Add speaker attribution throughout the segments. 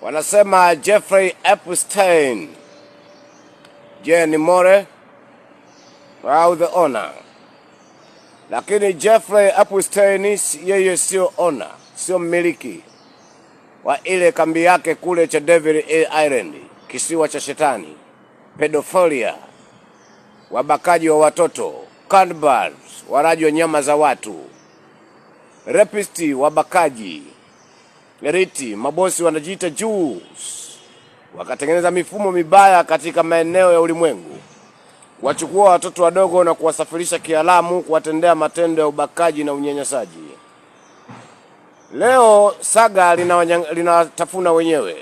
Speaker 1: wanasema Jeffrey Epstein. Je, ni more au the owner? Lakini Jeffrey Epstein yeye sio owner, sio mmiliki wa ile kambi yake kule cha Devil Island, kisiwa cha shetani, pedofilia, wabakaji wa watoto, cannibals, walaji wa nyama za watu, rapisti, wabakaji Geriti, mabosi wanajiita Jews wakatengeneza mifumo mibaya katika maeneo ya ulimwengu, kuwachukua watoto wadogo na kuwasafirisha kialamu kuwatendea matendo ya ubakaji na unyanyasaji. Leo saga linawatafuna wenyewe.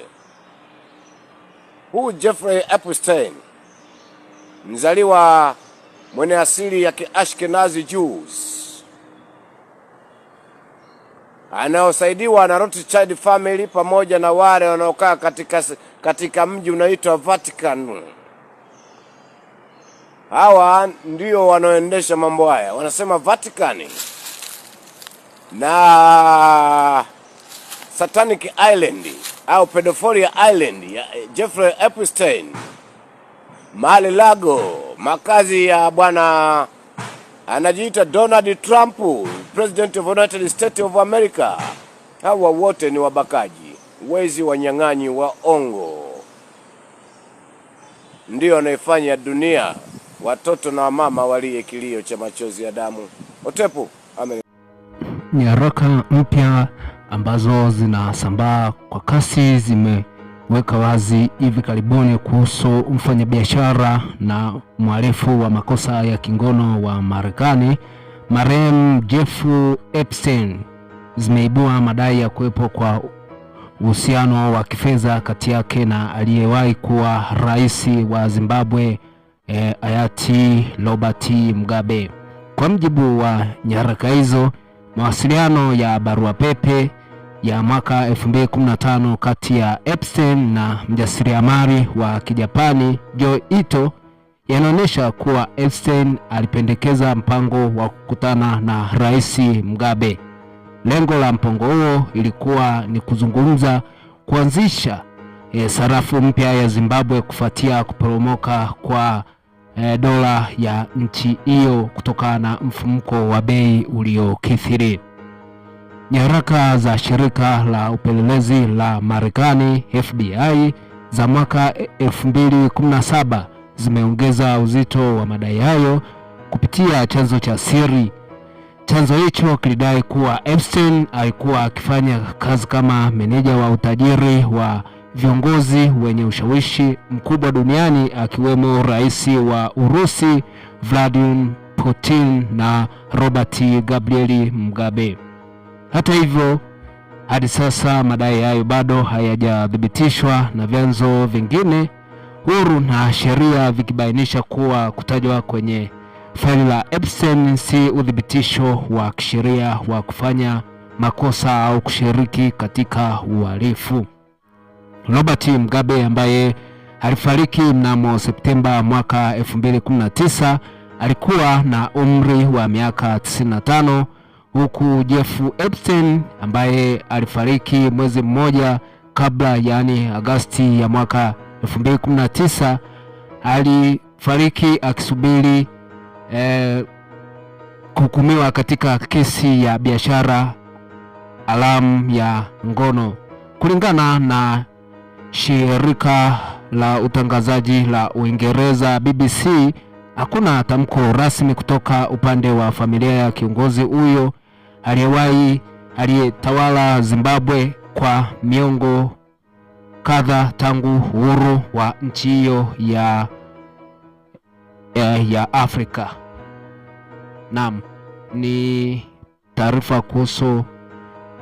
Speaker 1: Huu Jeffrey Epstein, mzaliwa mwenye asili ya Kiashkenazi Jews anaosaidiwa na Rothschild family pamoja na wale wanaokaa katika, katika mji unaitwa Vatican. Hawa ndio wanaoendesha mambo haya, wanasema Vatican na Satanic Island au Pedophilia Island ya eh, Jeffrey Epstein, Mar-a-Lago, makazi ya bwana anajiita Donald Trump, president of United States of America. Hawa wote ni wabakaji, wezi, wanyang'anyi, waongo, ndio anaifanya dunia watoto na wamama walie kilio cha machozi ya damu. Otepu
Speaker 2: nyaraka mpya ambazo zinasambaa kwa kasi zime weka wazi hivi karibuni kuhusu mfanyabiashara na mhalifu wa makosa ya kingono wa Marekani marehemu Jeff Epstein zimeibua madai ya kuwepo kwa uhusiano wa kifedha kati yake na aliyewahi kuwa rais wa Zimbabwe eh, hayati Robert Mugabe. Kwa mjibu wa nyaraka hizo, mawasiliano ya barua pepe ya mwaka 2015 kati ya Epstein na mjasiriamali wa Kijapani Joe Ito yanaonyesha kuwa Epstein alipendekeza mpango wa kukutana na Rais Mugabe. Lengo la mpango huo ilikuwa ni kuzungumza kuanzisha e, sarafu mpya ya Zimbabwe kufuatia kuporomoka kwa e, dola ya nchi hiyo kutokana na mfumuko wa bei uliokithiri. Nyaraka za shirika la upelelezi la Marekani FBI za mwaka 2017 zimeongeza uzito wa madai hayo kupitia chanzo cha siri. Chanzo hicho kilidai kuwa Epstein alikuwa akifanya kazi kama meneja wa utajiri wa viongozi wenye ushawishi mkubwa duniani akiwemo rais wa Urusi Vladimir Putin na Robert Gabriel Mugabe. Hata hivyo, hadi sasa madai hayo bado hayajathibitishwa na vyanzo vingine huru na sheria vikibainisha kuwa kutajwa kwenye faili la Epstein si uthibitisho wa kisheria wa kufanya makosa au kushiriki katika uhalifu. Robert Mugabe ambaye alifariki mnamo Septemba mwaka 2019 alikuwa na umri wa miaka 95 huku Jeff Epstein ambaye alifariki mwezi mmoja kabla, yaani Agasti ya mwaka 2019 alifariki akisubiri eh, kuhukumiwa katika kesi ya biashara alamu ya ngono kulingana na shirika la utangazaji la Uingereza BBC. Hakuna tamko rasmi kutoka upande wa familia ya kiongozi huyo aliyewahi aliyetawala Zimbabwe kwa miongo kadha tangu uhuru wa nchi hiyo ya, ya, eh, ya Afrika. Naam, ni taarifa kuhusu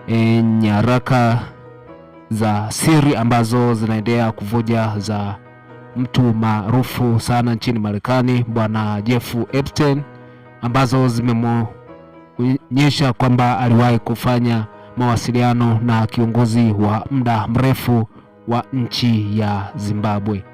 Speaker 2: e, nyaraka za siri ambazo zinaendelea kuvuja za mtu maarufu sana nchini Marekani, Bwana Jeff Epstein ambazo zimemo kuonyesha kwamba aliwahi kufanya mawasiliano na kiongozi wa muda mrefu wa nchi ya Zimbabwe.